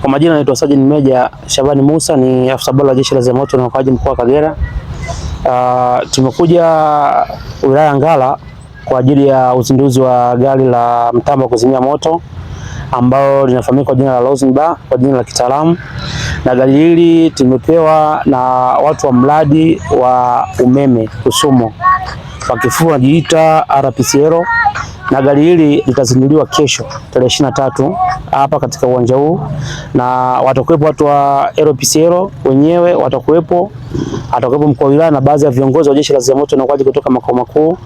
Kwa majina naitwa Sajini Meja Shabani Musa, ni afisa bora wa Jeshi la Zimamoto na Uokoaji mkoa wa Kagera. Uh, tumekuja wilaya Ngara kwa ajili ya uzinduzi wa gari la mtambo wa kuzimia moto ambalo linafahamika kwa jina la Rosin kwa jina la kitaalamu, na gari hili tumepewa na watu wa mradi wa umeme Kusumo, kwa kifupi wanajiita RPCL na gari hili litazinduliwa kesho tarehe ishirini na tatu hapa katika uwanja huu, na watakuwepo watu wa LPCL wenyewe watakuwepo, atakuwepo mkuu wa wilaya na baadhi ya viongozi wa jeshi la zimamoto na uokoaji kutoka makao makuu.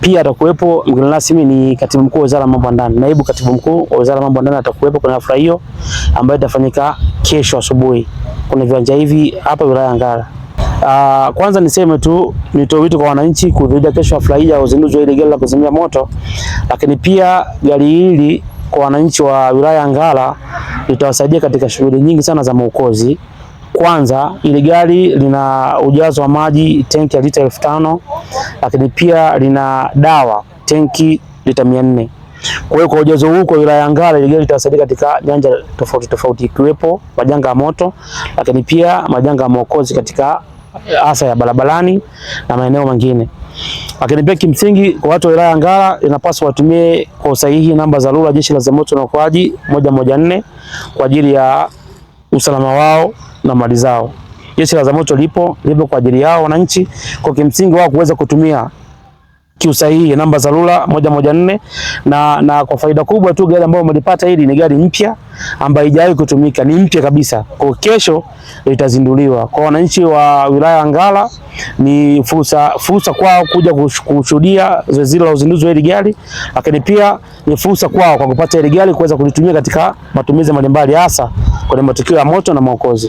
Pia atakuwepo mgeni rasmi ni katibu mkuu wa wizara ya mambo ya ndani, naibu katibu mkuu wa wizara ya mambo ya ndani atakuwepo kwenye hafla hiyo ambayo itafanyika kesho asubuhi kwenye viwanja hivi hapa wilaya ya Ngara. Uh, kwanza niseme tu nitoe wito kwa wananchi kuhudhuria kesho ya uzinduzi wa ile gari la kuzimia moto, lakini pia gari hili kwa wananchi wa wilaya ya Ngara litawasaidia katika shughuli nyingi sana za mwokozi. Kwanza ile gari lina ujazo wa maji tenki ya lita elfu tano lakini pia lina dawa tenki lita mia nne Kwa hiyo kwa ujazo huu kwa wilaya ya Ngara ile gari litawasaidia katika nyanja tofauti tofauti, ikiwepo majanga ya moto, lakini pia majanga ya mwokozi katika hasa ya barabarani na maeneo mengine. Lakini pia kimsingi, kwa watu wa wilaya Ngara inapaswa watumie kwa usahihi namba za dharura jeshi la zimamoto na uokoaji moja moja nne kwa ajili ya usalama wao na mali zao. Jeshi la zimamoto lipo lipo kwa ajili yao wananchi, kwa kimsingi wao kuweza kutumia kiusahihi namba za lula moja moja nne na, na kwa faida kubwa tu gari ambayo umelipata hili ni gari mpya ambayo haijawahi kutumika, ni mpya kabisa. Kwa kesho litazinduliwa kwa wananchi wa wilaya ya Ngara. Ni fursa fursa kwao kuja kushuhudia zoezi la uzinduzi wa hili gari, lakini pia ni fursa kwao kwa kupata hili gari kuweza kulitumia katika matumizi mbalimbali, hasa kwenye matukio ya moto na maokozi.